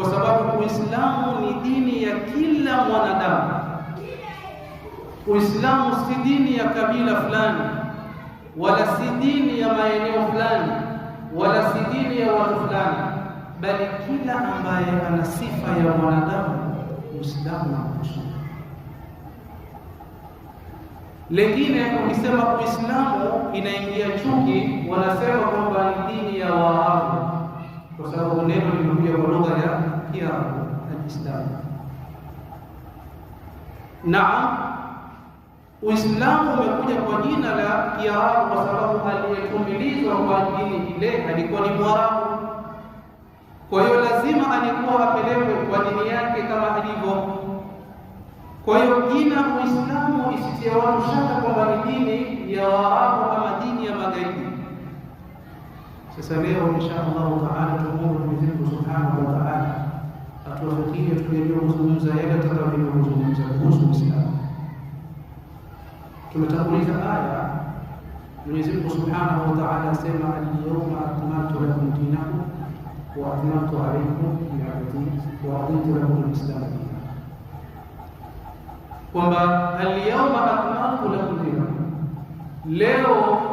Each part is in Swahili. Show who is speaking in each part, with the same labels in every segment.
Speaker 1: kwa sababu Uislamu ni dini ya kila mwanadamu. Uislamu si dini ya kabila fulani, wala si dini ya maeneo fulani, wala si dini ya watu fulani, bali kila ambaye ana sifa ya mwanadamu Uislamu nakusu. Lengine ukisema Uislamu inaingia chuki, wanasema neno limekuja kwa lugha ya Kiarabu alislamu. Naam, Uislamu umekuja kwa jina la Kiarabu kwa sababu aliyetumilizwa kwa dini ile alikuwa ni Mwarabu. Kwa hiyo lazima alikuwa apelewe kwa dini yake kama alivyo. Kwa hiyo jina Uislamu isitie watu shaka kwamba ni dini ya Waarabu ama dini ya magharibi. Sasa leo insha Allahu taala tuwafuatilie tuliyozungumza yale tutakayozungumza kuhusu Uislamu. Tumetanguliza aya Mwenyezi Mungu Subhanahu wa Ta'ala asema al-yawma akmaltu lakum dinakum wa atmamtu alaykum ni'mati wa raditu lakum al-islamu dinan, kwamba al-yawma akmaltu lakum dinakum, leo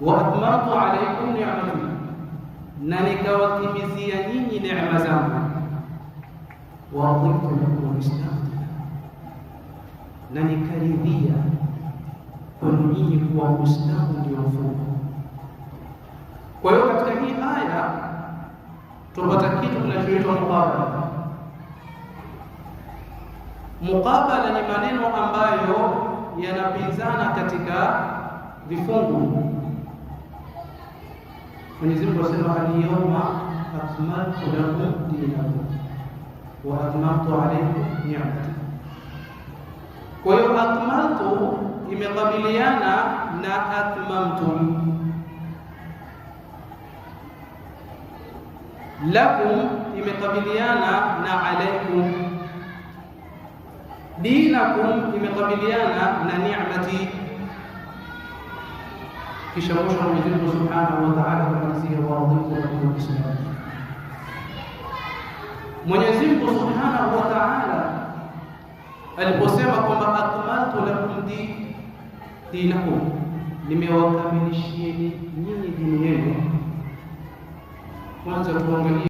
Speaker 1: wa alaykum ni'mati, na nikawatimizia nyinyi neema zangu, wa raditu lakum na nikaridhia kwa nyinyi kuwa Uislamu ndio mfumo. Kwa hiyo katika hii aya tunapata kitu kinachoitwa muqabala. Muqabala ni maneno ambayo yanapinzana katika vifungu ونزل بسرعة اليوم أكملت لكم دينكم وأكملت عليكم نعمتي كويو أكملت إمي قبليانا نا أكممتم لكم إمي قبليانا نا عليكم دينكم إمي قبليانا نا نعمتي كشوشة يجل سبحانه wataala katika sehemu adhimu na Uislamu. Mwenyezi Mungu Subhanahu wa Ta'ala aliposema kwamba akmaltu lakum dinakum, nimewakamilishieni nyinyi dini yenu. Kwanza tuangalie